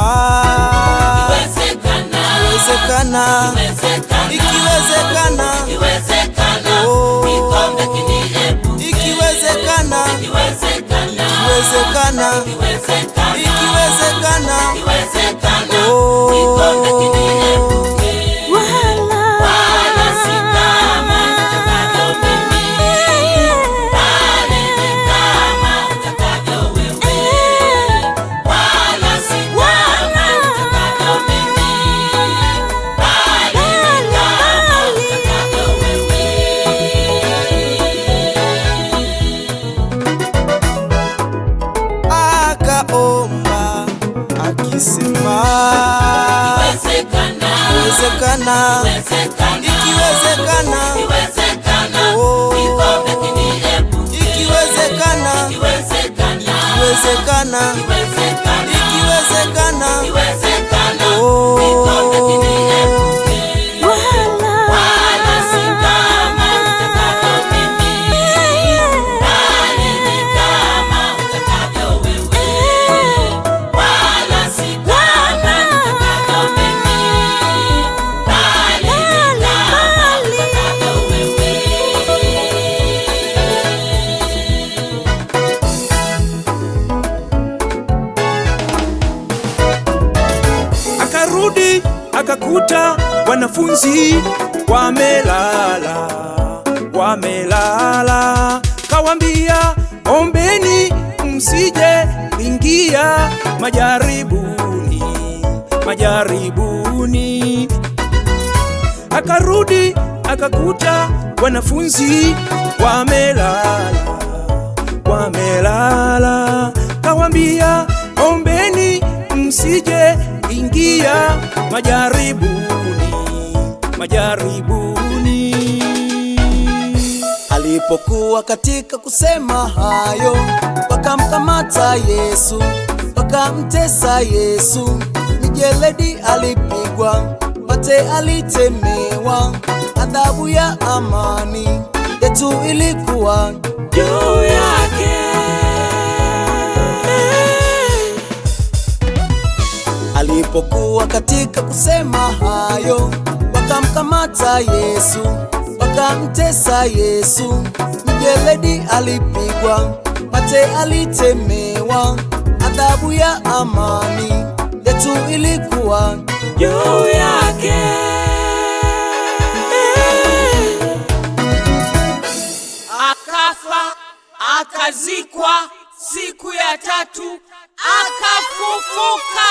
Ikiwezekana, ikiwezekana, ikiwezekana, ikiwezekana oh. ikiwezekana, ikiwezekana, oh, ikiwezekana, ikiwezekana wanafunzi wamelala, wamelala, kawambia ombeni, msije ingia majaribuni, majaribuni. Akarudi akakuta wanafunzi wamelala, wamelala, kawambia ombeni, msije ingia majaribu majaribuni. Alipokuwa katika kusema hayo, wakamkamata Yesu, wakamtesa Yesu. Mijeledi alipigwa, mate alitemewa, adhabu ya amani yetu ilikuwa juu yake. Alipokuwa katika kusema hayo Wakamkamata Yesu, wakamtesa Yesu, mjeledi alipigwa, mate alitemewa, adhabu ya amani yetu ilikuwa juu yake. Akazikwa, siku ya tatu akafufuka.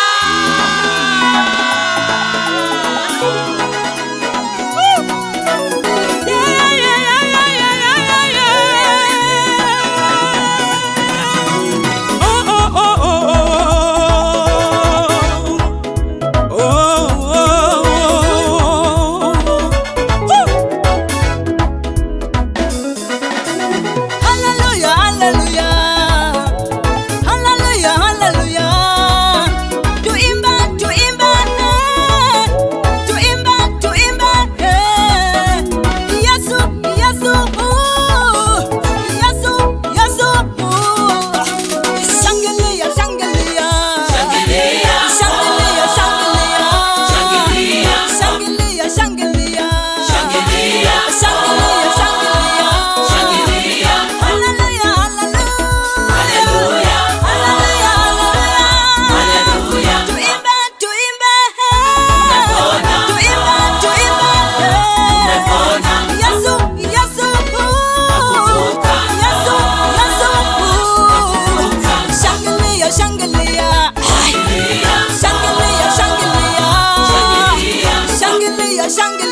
Shangri